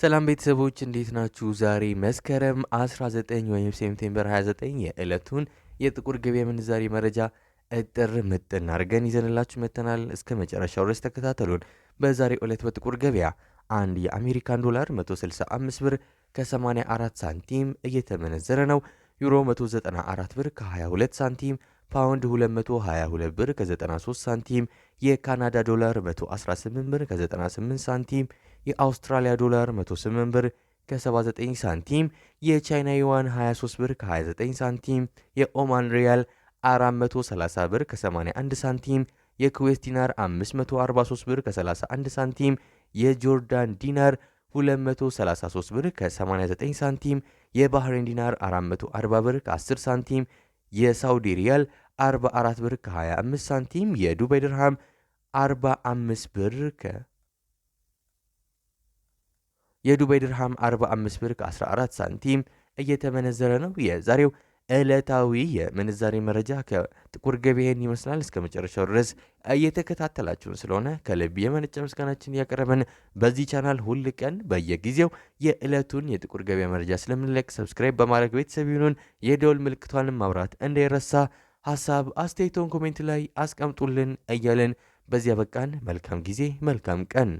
ሰላም ቤተሰቦች እንዴት ናችሁ? ዛሬ መስከረም 19 ወይም ሴፕቴምበር 29 የዕለቱን የጥቁር ገበያ ምንዛሬ መረጃ እጥር ምጥን አድርገን ይዘንላችሁ መጥተናል። እስከ መጨረሻው ድረስ ተከታተሉን። በዛሬው ዕለት በጥቁር ገበያ አንድ የአሜሪካን ዶላር 165 ብር ከ84 ሳንቲም እየተመነዘረ ነው። ዩሮ 194 ብር ከ22 ሳንቲም ፓውንድ 222 ብር ከ93 ሳንቲም፣ የካናዳ ዶላር 118 ብር ከ98 ሳንቲም፣ የአውስትራሊያ ዶላር 108 ብር ከ79 ሳንቲም፣ የቻይና ዩዋን 23 ብር ከ29 ሳንቲም፣ የኦማን ሪያል 430 ብር ከ81 ሳንቲም፣ የኩዌት ዲናር 543 ብር ከ31 ሳንቲም፣ የጆርዳን ዲናር 233 ብር ከ89 ሳንቲም፣ የባህሬን ዲናር 440 ብር ከ10 ሳንቲም የሳውዲ ሪያል 44 ብር ከ25 ሳንቲም፣ የዱባይ ድርሃም 45 ብር ከ የዱባይ ድርሃም 45 ብር ከ14 ሳንቲም እየተመነዘረ ነው። የዛሬው ዕለታዊ የምንዛሬ መረጃ ከጥቁር ገበያን ይመስላል። እስከ መጨረሻው ድረስ እየተከታተላችሁን ስለሆነ ከልብ የመነጨ ምስጋናችን እያቀረብን በዚህ ቻናል ሁል ቀን በየጊዜው የዕለቱን የጥቁር ገበያ መረጃ ስለምንለቅ ሰብስክራይብ በማድረግ ቤተሰብ ይሁኑን። የደወል ምልክቷንም ማብራት እንዳይረሳ። ሀሳብ አስተያየቶን ኮሜንት ላይ አስቀምጡልን እያለን በዚያ በቃን። መልካም ጊዜ፣ መልካም ቀን